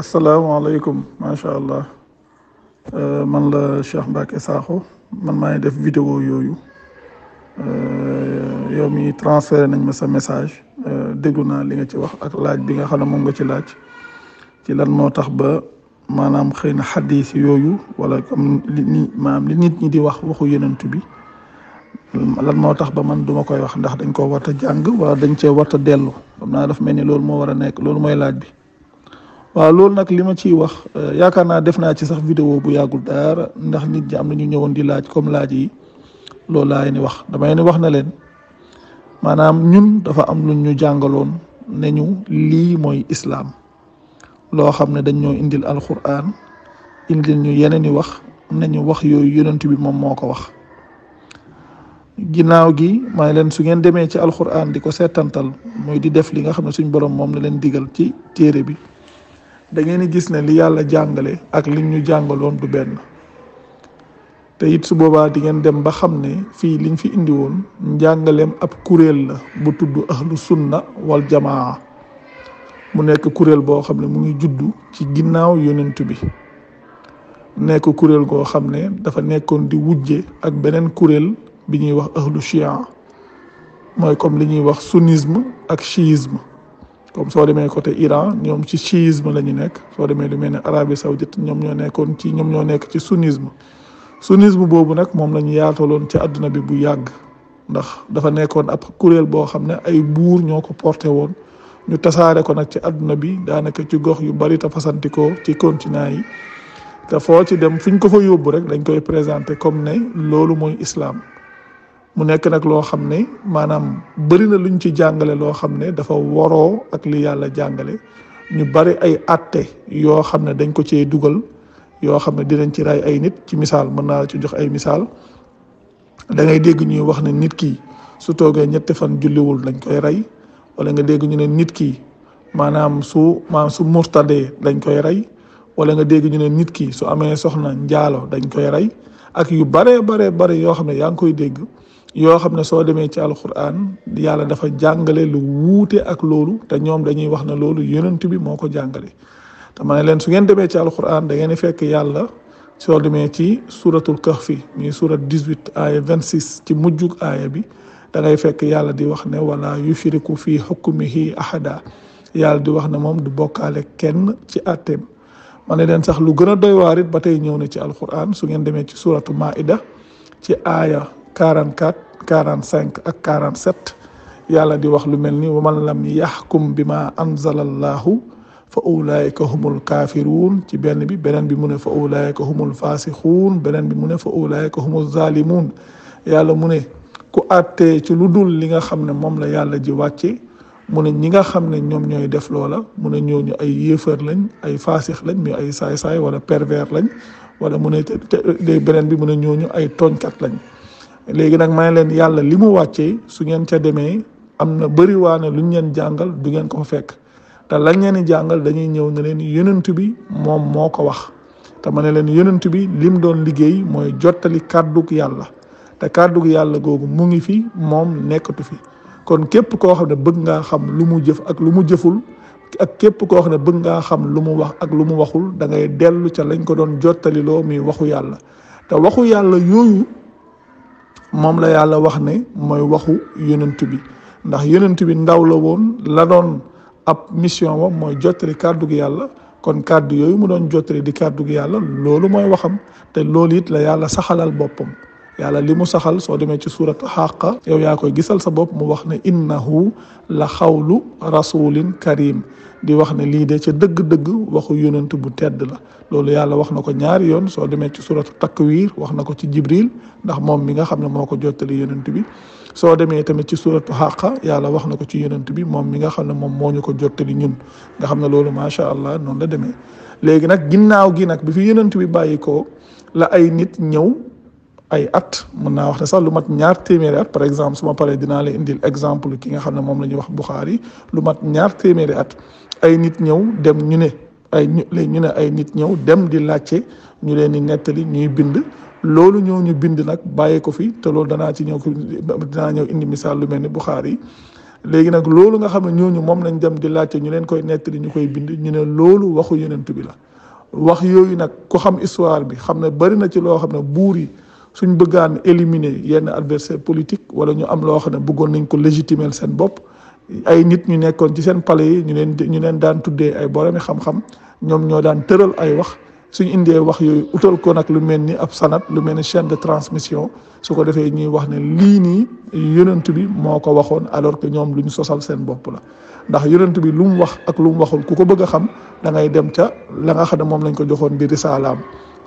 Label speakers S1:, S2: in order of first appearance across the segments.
S1: السلام عليكم ما شاء الله آه، من لا شيخ باك اساخو من ماي ديف فيديو يويو آه، يومي ترانسفير نني ما سا ميساج آه، دغلونا ليغا تي واخ اك لاج بيغا خا نمو غا تي لاج تي لان موتاخ با مانام خينا حديث يويو ولا كم ني مام لي نيت ني دي واخ واخو يننت بي لان موتاخ با مان دوما كوي واخ نده دنج كو ورتا جانغ ولا دنج تي ورتا ديلو خمنا داف ميني لول مو ورا نيك لول موي لاج بي waaw loolu nag li ma ciy wax euh, yaakaar naa def naa ci sax vidéo bu yàggul dara ndax nit ñi am na ñu ñëwoon di laaj comme laaj yi loolu laa ni wax damay ni wax na leen maanaam ñun dafa am lu ñu jàngaloon ne lii mooy islaam loo xam ne dañ ñoo indil alquran indil ñu yeneen i wax ne ñu wax yooyu yonent bi moom moo ko wax ginnaaw gi may leen su ngeen demee ci alquran di ko seetantal mooy di def li nga xam ne suñ borom moom la leen digal ci téere bi da ngeen gis ne li yàlla jàngale ak li ñu jàngaloon du benn te su boobaa di ngeen dem ba xam ne fii liñ fi indi woon njàngaleem ab kuréel la bu tudd ahlu sunna wal jamaa mu nekk kuréel boo xam ne mu ngi juddu ci ginnaaw yonent bi nekk kuréel goo xam ne dafa nekkoon di wujje ak beneen kuréel bi ñuy wax ahlu chia mooy comme li ñuy wax sunisme ak chiisme comme soo demee côté Iran ñoom ci chiisme la ñu nekk soo demee lu mel ne Arabie Saoudite ñoom ñoo nekkoon ci ñoom ñoo nekk ci sunnisme sunnisme boobu nag moom la ñu yaataloon ci àdduna bi bu yàgg ndax dafa nekkoon ab kuréel boo xam ne ay buur ñoo ko porté woon ñu tasaare ko nag ci àdduna bi daanaka ci gox yu bari te fasantikoo ci continent yi te foo ci dem fi ñu ko fa yóbbu rek dañ koy présenté comme ne loolu mooy islaam mu nekk nag loo xam ne maanaam bëri na luñ ci jàngale loo xam ne dafa waroo ak li yàlla jàngale ñu bari ay àtte yoo xam ne dañ ko cee dugal yoo xam ne dinañ ci rey ay nit ci misaal mën naa ci jox ay misaal dangay dégg ñuy wax ne nit ki su toogee ñetti fan julliwul dañ koy rey wala nga dégg ñu ne nit ki maanaam su su murtadee dañ koy rey wala nga dégg ñu ne nit ki su amee soxna njaalo dañ koy rey ak yu baree baree bare yoo xam ne yaa ngi koy dégg yoo xam ne soo demee ci alquran yàlla dafa jàngale lu wuute ak loolu te ñoom dañuy wax ne loolu yonent bi moo ko jàngale te ma ne leen su ngeen demee ci alquran da ngeen fekk yàlla soo demee ci suratul kahfi muy surat 18 aaya 26 ci mujjug aaya bi da fekk yàlla di wax ne wala yushriku fii hukmihi ahada yàlla di wax na moom du bokkaale kenn ci atteem ma ne leen sax lu gën a doy waar it ba tey ñëw na ci alquran su ngeen demee ci suratu maida ci aaya 44 45 ak 47 yàlla di wax lu melni wa man lam yahkum bima anzala allah fa ulaayika humul kaafiruun ci benn bi beneen bi mu fa ulaayika humul faasixuun beneen bi mu fa ulaayika humul zaalimuun yàlla mu ku àttee ci lu li nga xam ne la yàlla ji wàcce mu ñi nga xam ne ñoom def loola mu ne ñooñu ay yéefar lañ ay faasix lañ muy ay saay-saay wala pervers lañ wala mu te beneen bi mu ne ñooñu ay tooñkat lañ léegi nag may leen yàlla li mu wàccee su ngeen ca demee am na bëri waane luñ leen jàngal du ngeen ko fekk te lañ leen jàngal dañuy ñëw ne leen yonent bi moom moo ko wax te ma ne leen yonent bi lim doon liggéey mooy jottali kàddug yàlla te kàddug yàlla googu mu ngi fi moom nekkatu fi kon képp koo xam ne bëgg ngaa xam lu mu jëf ak lu mu jëful ak képp koo xam ne bëgg ngaa xam lu mu wax ak lu mu waxul da ngay dellu ca lañ ko doon jottaliloo muy waxu yàlla te waxu yàlla yooyu moom la yàlla wax ne mooy waxu yonent bi ndax yonent bi ndaw la woon la doon ab mission wa mooy jottali kàddu gi yàlla kon kàddu yooyu mu doon jottali di kàddu gi yàlla loolu mooy waxam te loolu it la yàlla saxalal boppam yàlla li mu saxal soo demee ci suurat xàqa yow yaa koy gisal sa bopp mu wax ne innahu la xawlu rasulin karim di wax ne lii de ca dëgg-dëgg waxu yonent bu tedd la loolu yàlla wax na ko ñaari yoon soo ci suuratu takwir wax na ci jibril ndax moom mi nga xam ne moo ko jottali yonent bi soo demee tamit ci suuratu xàqa yàlla wax na ci yonent bi moom mi nga xam ne moom ko jottali ñun nga xam ne loolu macha allah noonu la demee léegi nag ginnaaw gi nag bi fi yonent bi bàyyi la ay nit ñëw ay at mun naa wax ne sax lu mat ñaar téeméeri at par exemple suma paree dinaa la indi exemple ki nga xam ne moom la ñuy wax Buxaari lu mat ñaar téeméeri at ay nit ñëw dem ñu ne ay ñu ne ay nit ñëw dem di laajte ñu leen di nettali ñuy bind loolu ñoo ñu bind nag bàyyi ko fi te loolu danaa ci ñëw danaa ñëw indi misaal lu mel ni Buxaari léegi nag loolu nga xam ne ñooñu moom lañ dem di laajte ñu leen koy nettali ñu koy bind ñu ne loolu waxu yeneentu bi la wax yooyu nag ku xam histoire bi xam ne bari na ci loo xam ne buur yi suñ bëggaan éliminer yenn adversaire politique wala ñu am loo xam ne bëggoon nañ ko légitimer seen bopp ay nit ñu nekkoon ci seen pale yi ñu leen ñu leen daan tuddee ay boromi xam-xam ñoom ñoo daan tëral ay wax suñ indee wax yooyu utal ko nag lu mel ni ab sanat lu mel ni chaîne de transmission su ko defee ñuy wax ne lii nii yonent bi moo ko waxoon alors que ñoom lu ñu sosal seen bopp la ndax yonent bi lu mu wax ak lu mu waxul ku ko bëgg a xam da ngay dem ca la nga xam ne moom lañ ko joxoon bi risalaam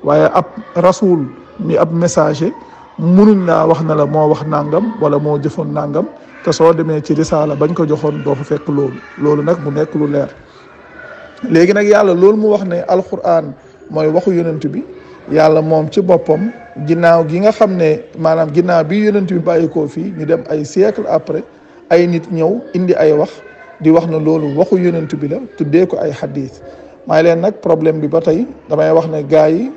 S1: waaye ab rasul ni ab messager munuñ laa wax na la moo wax nangam wala moo jëfoon nangam te soo demee ci risaala bañ ko joxoon doo fa fekk loolu loolu nag mu nekk lu leer léegi nag yàlla loolu mu wax ne alquran mooy waxu yonent bi yàlla moom ci boppam ginnaaw gi nga xam ne maanaam ginnaaw bi yonent bi bàyyi fii ñu dem ay siècle après ay nit ñëw indi ay wax di wax na loolu waxu yonent bi la tuddee ko ay xadiis may leen nag problème bi ba tey damay wax ne gaa yi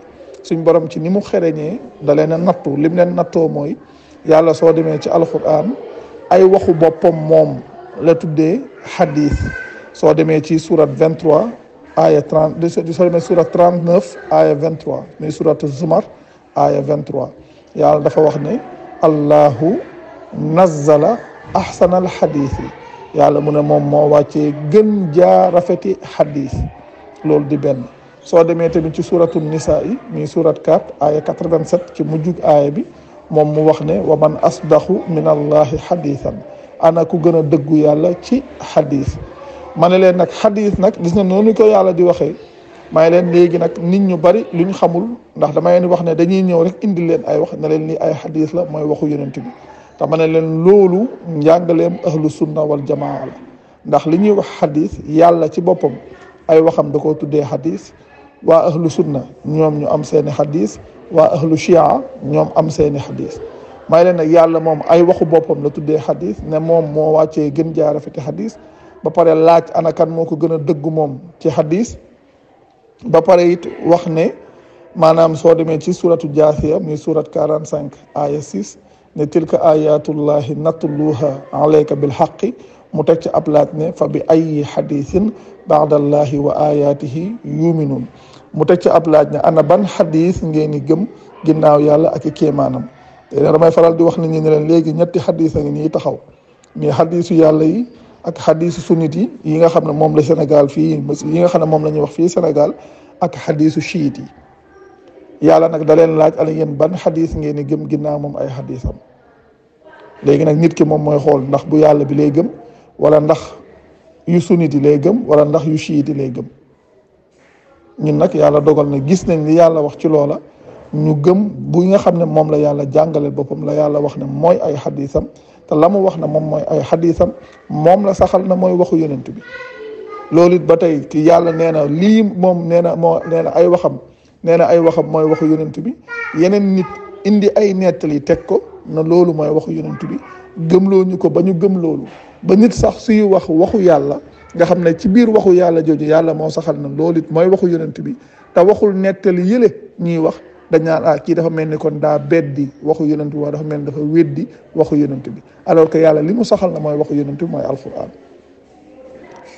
S1: suñ borom ci ni mu xereñee da leen a lim leen nattoo moy yàlla so deme ci alquran ay waxu bopom mom la tuddé hadith so deme ci sourate 23 aya 30 so deme sourate 39 aya 23 mais sourate zumar aya 23 yàlla dafa wax ne allahu نزل احسن الحديث hadith yàlla mu ne moom moo wàccee gën jaa rafeti hadith loolu soo demee tamit ci suuratu nisaa yi muy suurat 4 aaya 87 ci mujjug aaya bi moom mu wax ne wa man asdaxu min allahi xadiisan ana ku gën a dëggu yàlla ci xadiis ma ne leen nag xadiis nag gis na nu ko yàlla di waxee may leen léegi nag nit ñu bari lu ñu xamul ndax dama ni wax ne dañuy ñëw rek indi leen ay wax ne leen lii ay xadiis la mooy waxu yenenti bi te ma ne leen loolu njàngaleem ahlu sunna wal jamaa la ndax li ñuy wax xadiis yàlla ci boppam ay waxam da koo tuddee xadiis wa ahlu sunna ñom ñu am seen hadith wa ahlu shia ñom am seen hadith may leen nak yàlla mom ay waxu bopam la tuddé hadith ne mom mo wacce gën jaa rafeti hadith ba pare laaj ana kan moko gëna gën a dëgg moom ci hadith ba pare it wax ne manam so démé ci suratu jaasiya mi surat 45 aya 6 ne tilka ayatullahi natluha alayka bil haqqi mu teg ci ab laaj ne fa bi ay xadisin baadallahi wa ayatihi yuminun mu teg ci ab laaj ne ana ban xadis ngeen di gëm ginnaaw yàlla ak i kéemaanam faral di wax nit leen léegi ñetti xadis a ngi nii taxaw mais xadisu yàlla yi ak xadisu sunnit yi yi nga xam ne moom la Sénégal fii yi nga xam ne moom la ñuy wax fii Sénégal ak xadisu chiite yi yàlla nag da leen laaj ala yéen ban xadiis ngeen di gëm ginnaaw moom ay xadisam léegi nag nit ki moom mooy xool ndax bu yàlla bi lay gëm. wala ndax yu sunnit yi lay gëm wala ndax yu chiit yi lay gëm ñun nag yàlla dogal na gis nañ li yàlla wax ci loola ñu gëm bu nga xam ne moom la yàlla jàngaleel boppam la yàlla wax na mooy ay xadiisam te la mu wax na moom mooy ay xadiisam moom la saxal na mooy waxu yonent bi loolu it ba tey ki yàlla nee na lii moom nee na moo nee na ay waxam nee na ay waxam mooy waxu yonent bi yeneen nit indi ay nettali teg ko na loolu mooy waxu yonent bi gëmloo ko ba ñu gëm loolu ba nit sax suy wax waxu yàlla nga xam ne ci biir waxu yàlla jooju yàlla moo saxal na loolu it mooy waxu yonent bi te waxul nettali yële ñuy wax dañ naan ah kii dafa mel ni kon daa beddi waxu yonent bi wax dafa mel ni dafa weddi waxu yonent bi aloos que yàlla li mu saxal na mooy waxu yonent bi mooy alquran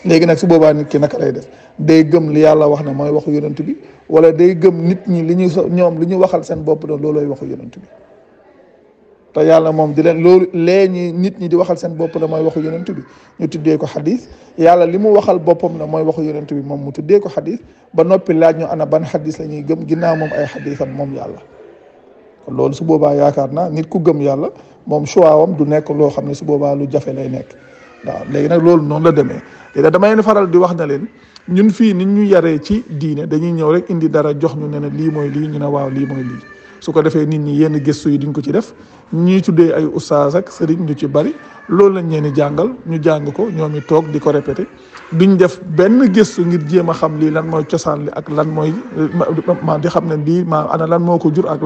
S1: léegi nag su boobaa nit ki naka lay def day gëm li yàlla wax na mooy waxu yonent bi wala day gëm nit ñi li ñu ñuy ñoom li ñu waxal seen bopp doon loolooy waxu yonent bi te yàlla moom di leen loolu lee ñi nit ñi di waxal seen bopp la mooy waxu yonent bi ñu tuddee ko xadis yàlla li mu waxal boppam na mooy waxu yonent bi moom mu tuddee ko xadis ba noppi laaj ñu ana ban xadis la ñuy gëm ginnaaw moom ay xadisam moom yàlla kon loolu su boobaa yaakaar na nit ku gëm yàlla moom choix wam du nekk loo xam ne su boobaa lu jafe lay nekk waaw léegi nag loolu noonu la demee léegi dama leen faral di wax na leen ñun fii nit ñu yaree ci diine dañu ñëw rek indi dara jox ñu ne lii mooy lii ñu ne waaw lii mooy lii su ko defee nit ñi yenn gëstu yi duñ ko ci def ñii tuddee ay oustaz ak sëriñ ñu ci bari loolu lañ leen di jàngal ñu jàng ko ñoom i toog di ko répété duñ def benn gëstu ngir jéem a xam lii lan mooy cosaan li ak lan mooy ma di xam ne lii ma ana lan moo ko jur ak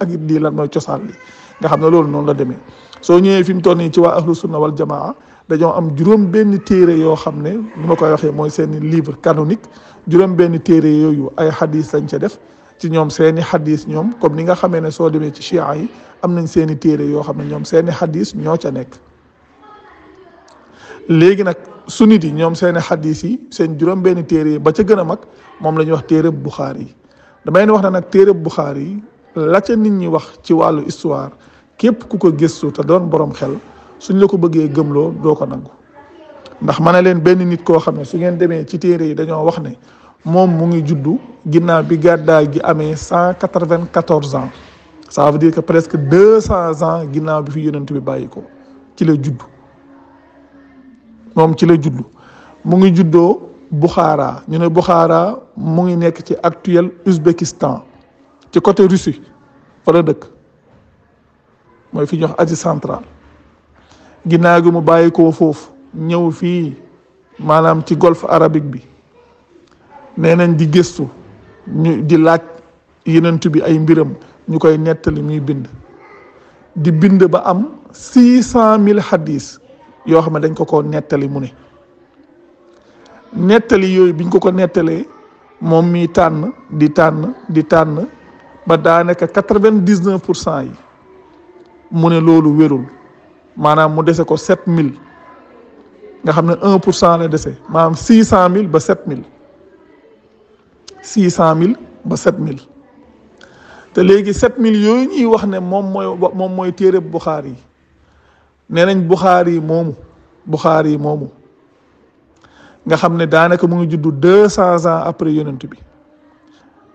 S1: ak it lii lan mooy cosaan li nga xam ne loolu noonu la demee soo ñëwee fi mu toll nii ci waa ahlu sunna wal jamaa dañoo am juróom benn téere yoo xam ne li ma koy waxee mooy seen livre canonique juróom benn téere yooyu ay hadis lañ ca def ci ñoom seeni xadis ñoom comme ni nga xamee ne soo demee ci chia yi am nañ seeni téere yoo xam ne ñoom seeni xaddis ñoo ca nekk léegi nag sunnit yi ñoom seeni xadis yi seen juróom benn téere yi ba ca gën a mag moom la ñuy wax téere bu Buxaari yi damay wax na nag téere bu Buxaari yi la nit ñi wax ci wàllu histoire képp ku ko gëstu te doon borom xel suñ la ko bëggee gëmloo doo ko nangu ndax ma ne leen benn nit koo xam ne su ngeen demee ci téere yi dañoo wax ne mom mu ngi juddu ginnaw bi gàddaay gi amé 194 ans ça veut dire que presque 200 ans ginnaw bi fi yonent bi bayiko ci la juddu mom ci la juddu mu ngi juddo Bukhara ñu ne Bukhara mu ngi nekk ci actuel Ouzbékistan ci côté Russie wala la moy fi jox wax Asie centrale ginnaaw gi mu bayiko ko ñew fi manam ci golfe arabique bi nee nañ di gëstu ñu di laaj yenentu bi ay mbiram ñu koy nettali muy bind di bind ba am six cent mille hadis yoo xam ne dañ ko ko nettali mu ne nettali yooyu biñ ko ko nettalee moom mi tànn di tànn di tànn ba daanaka quatre-vingt-dix-neuf pour cent yi mu ne loolu wérul maanaam mu dese ko sept mille nga xam ne un pour cent la dese maanaam six cent mille ba sept mille six cent mille ba sept mille te léegi sept mille yooyu ñuy wax ne moom mooy moom mooy téereb yi nee nañ Buxaari yi moomu Buxaari yi moomu nga xam ne daanaka mu ngi juddu deux cent ans après yonent bi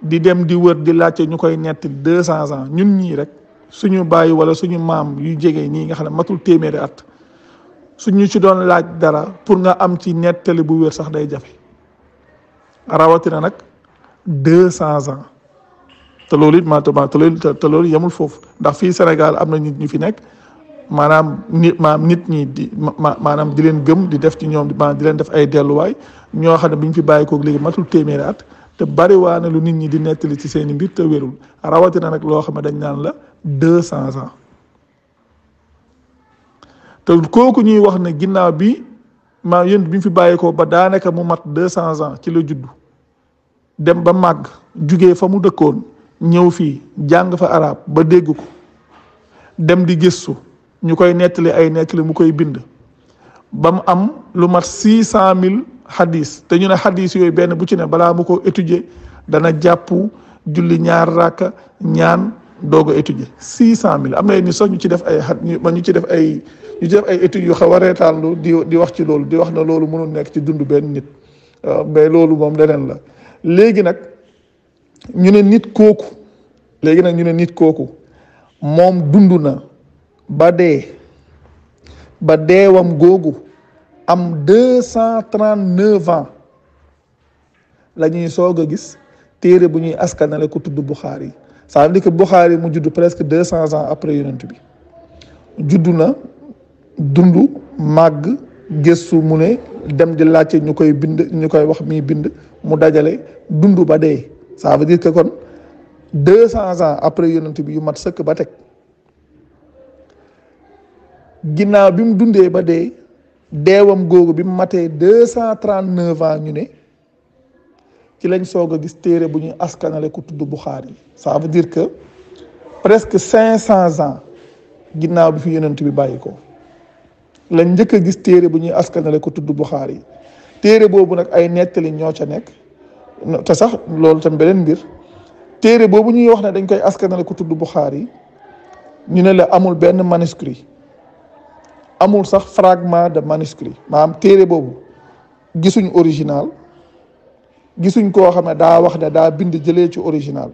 S1: di dem di wër di laajte ñu koy netti deux cent ans ñun ñii rek suñu bàyyi wala suñu maam yu jege ñii nga xam ne matul téeméeri at suñu ci doon laaj dara pour nga am ci nettali bu wér sax day jafe rawatina nag deux cents ans te loolu it maanaam te loolu te loolu yemul foofu ndax fii Sénégal am na nit ñu fi nekk maanaam nit maanaam nit ñi di ma maanaam di leen gëm di def ci ñoom maanaam di leen def ay delluwaay ñoo xam ne bi ñu fi bàyyi koog matul téeméeri at te na lu nit ñi di nettali ci seen i mbir te wérul rawatina nag loo xam ne dañ naan la deux cents ans te kooku ñuy wax ne ginnaaw bi maa yéen bi ñu fi bàyyi ko ba daanaka mu mat deux cents ans ci la juddu. dem ba màgg jugee fa mu dëkkoon ñëw fii jàng fa arab ba dégg ko dem di gëstu ñu koy nettali ay nekk nettali mu koy bind ba mu am lu mat six cent mille xadis te ñu ne xadis yooyu benn bu ci ne balaa mu ko étudier dana jàpp julli ñaar ràkka ñaan doog a étudier six cent mille am na ñu sax ñu ci def ay xat ñu ci def ay ñu ci def ay études yu xaw a reetaanlu di di wax ci loolu di wax na loolu mënul nekk ci dund benn nit mais loolu moom leneen la léegi nag ñu ne nit kooku léegi nag ñu ne nit kooku moom dund na ba dee ba deewam googu am deux cent trente neuf ans la soog a gis téere bu ñuy askanale ku tudd Buxaari yi saa veut dire que Buxaari mu judd presque deux cents ans après yonent bi judd na dund màgg gëstu mu ne dem di laajte ñu koy bind ñu koy wax mii bind mu dajale dund ba dee ça veut dire que kon deux cents ans après yonent bi yu mat sëkk ba teg ginnaaw bi mu dundee ba dee deewam googu bi mu matee deux cent trente neuf ans ñu ne ci lañ soog a gis téere bu ñuy askanale ku tudd Buxaari yi ça veut dire que presque cinq cents ans ginnaaw bi fi yonent bi bàyyi ko lañ njëkk a gis téere bu ñuy askanale ko tudd bu xaar yi téere boobu nag ay nettali ñoo ca nekk te sax loolu tam beneen mbir téere boobu ñuy wax ne dañ koy askanale ko tudd bu xaar yi ñu ne la amul benn manuscrit amul sax fragment de manuscrit maanaam téere boobu gisuñ original gisuñ koo xam ne daa wax ne daa bind jëlee ci original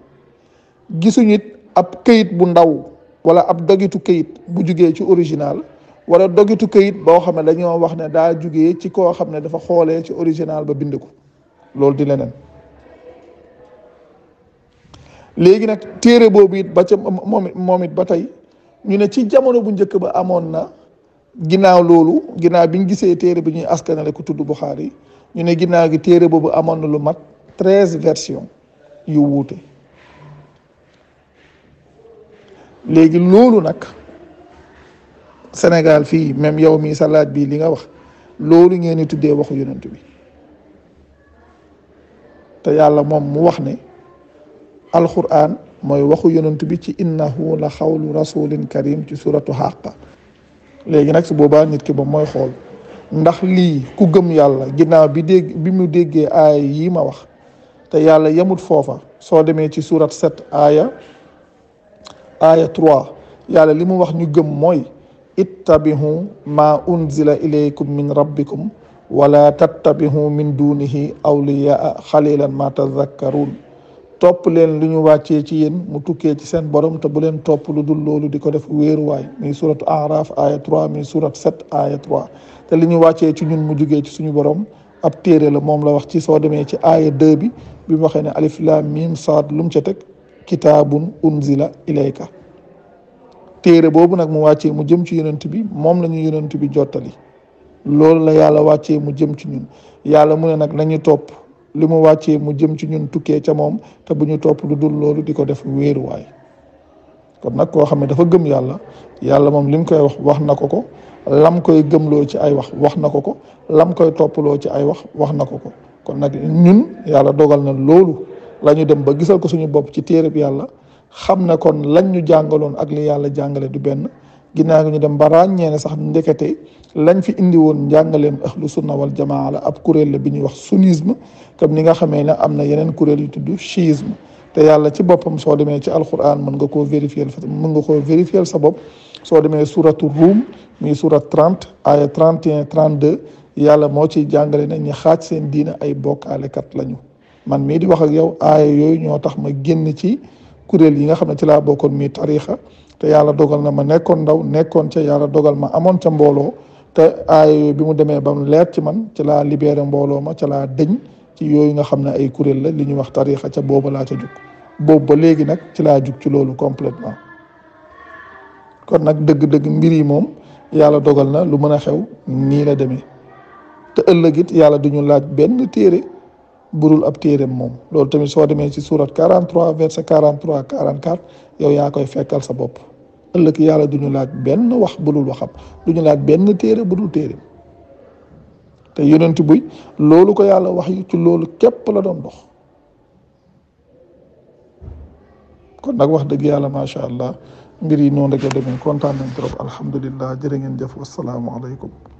S1: gisuñ it ab këyit bu ndaw wala ab dogitu këyit bu jugee ci original wala dogitu këyit boo xam ne dañoo wax ne daa jóge ci koo xam ne dafa xoolee ci original ba bind ko loolu di leneen léegi nag téere boobu it ba ca moom it ba tey ñu ne ci jamono bu njëkk ba amoon na ginnaaw loolu ginnaaw biñ gisee téere bi ñuy askanale ku tudd bu Buxaari ñu ne ginnaaw gi téere boobu amoon na lu mat treize versions yu wuute léegi loolu nag. Sénégal fii même yow mii sa laaj bii li nga wax loolu ngeen di tuddee waxu yonent bi te yàlla moom mu wax ne alquran mooy waxu yonent bi ci innahu la xawlu rasulin karim ci suuratu xàqa léegi nag si boobaa nit ki moom mooy xool ndax lii ku gëm yàlla ginnaaw bi dégg bi mu déggee aaya yii ma wax te yàlla yemut foofa soo demee ci suurat sept aaya aaya trois yàlla li mu wax ñu gëm mooy ittabihu ma unzila ilaykum min rabbikum wala tattabihu min dunihi awliyaa xalilan ma tazakkarun topp leen lu ñu wàccee ci yéen mu tukkee ci seen borom te bu leen topp lu dul loolu di ko def wéeruwaay muy suratu araf aya 3 muy surat 7 aya 3 te li ñu wàccee ci ñun mu jugee ci suñu borom ab téere la moom la wax ci soo demee ci aya 2 bi bi mu ne alif lam mim saad lu mu ca teg unzila ilayka téere boobu nag mu wàccee mu jëm ci yonent bi moom la ñu yonent bi jottali loolu la yàlla wàccee mu jëm ci ñun yàlla mu ne nag lañuy topp li mu wàccee mu jëm ci ñun tukkee ca moom te bu ñu topp lu dul loolu di ko def wéeruwaay kon nag koo xam ne dafa gëm yàlla yàlla moom lim koy wax wax na ko ko lam koy gëmloo ci ay wax wax na ko ko lam koy toppaloo ci ay wax wax na ko ko kon nag ñun yàlla dogal na loolu la ñu dem ba gisal ko suñu bopp ci téere bi yàlla xam na kon lañ ñu jàngaloon ak li yàlla jàngale du benn ginnaaw gi ñu dem ba ràññee ne sax ndekete lañ fi indi woon njàngaleem ahlu sunna wal jamaa la ab kuréel la bi ñuy wax sunnisme comme ni nga xamee ne am na yeneen kuréel yu tudd chiisme te yàlla ci boppam soo demee ci alquran mën nga koo vérifier mën nga koo vérifier sa bopp soo demee suratu ruum muy surat 30 aya 31 32 yàlla moo ciy jàngale ne ñi xaaj seen diina ay bokkaalekat lañu man mii di tax ma génn ci kuréel yi nga xam ne ci laa bokkoon muy tariixa te yàlla dogal na ma nekkoon ndaw nekkoon ca yàlla dogal ma amoon ca mbooloo te ay bi mu demee ba mu leer ci man ci laa libéré mbooloo ma ca laa dëñ ci yooyu nga xam ne ay kuréel la li ñuy wax tariixa ca booba laa ca jug boobu ba léegi nag ci laa jug ci loolu complètement kon nag dëgg-dëgg mbir yi moom yàlla dogal na lu mën a xew nii la demee te ëllëg it yàlla duñu laaj benn téere burul ab téeréem moom loolu tamit soo demee ci surat 43 verset 43 44 yow yaa koy fekkal sa bopp ëllëg yàlla du ñu laaj benn wax budul waxam du ñu laaj benn téere budul téeréem te yonent buy loolu ko yàlla wax yu ci loolu képp la doon dox kon nag wax dëgg yàlla macha allah mbir yi noonu rek la demee kontaan nañ trop alhamdulillah jërë ngeen jëf wasalaamualeykum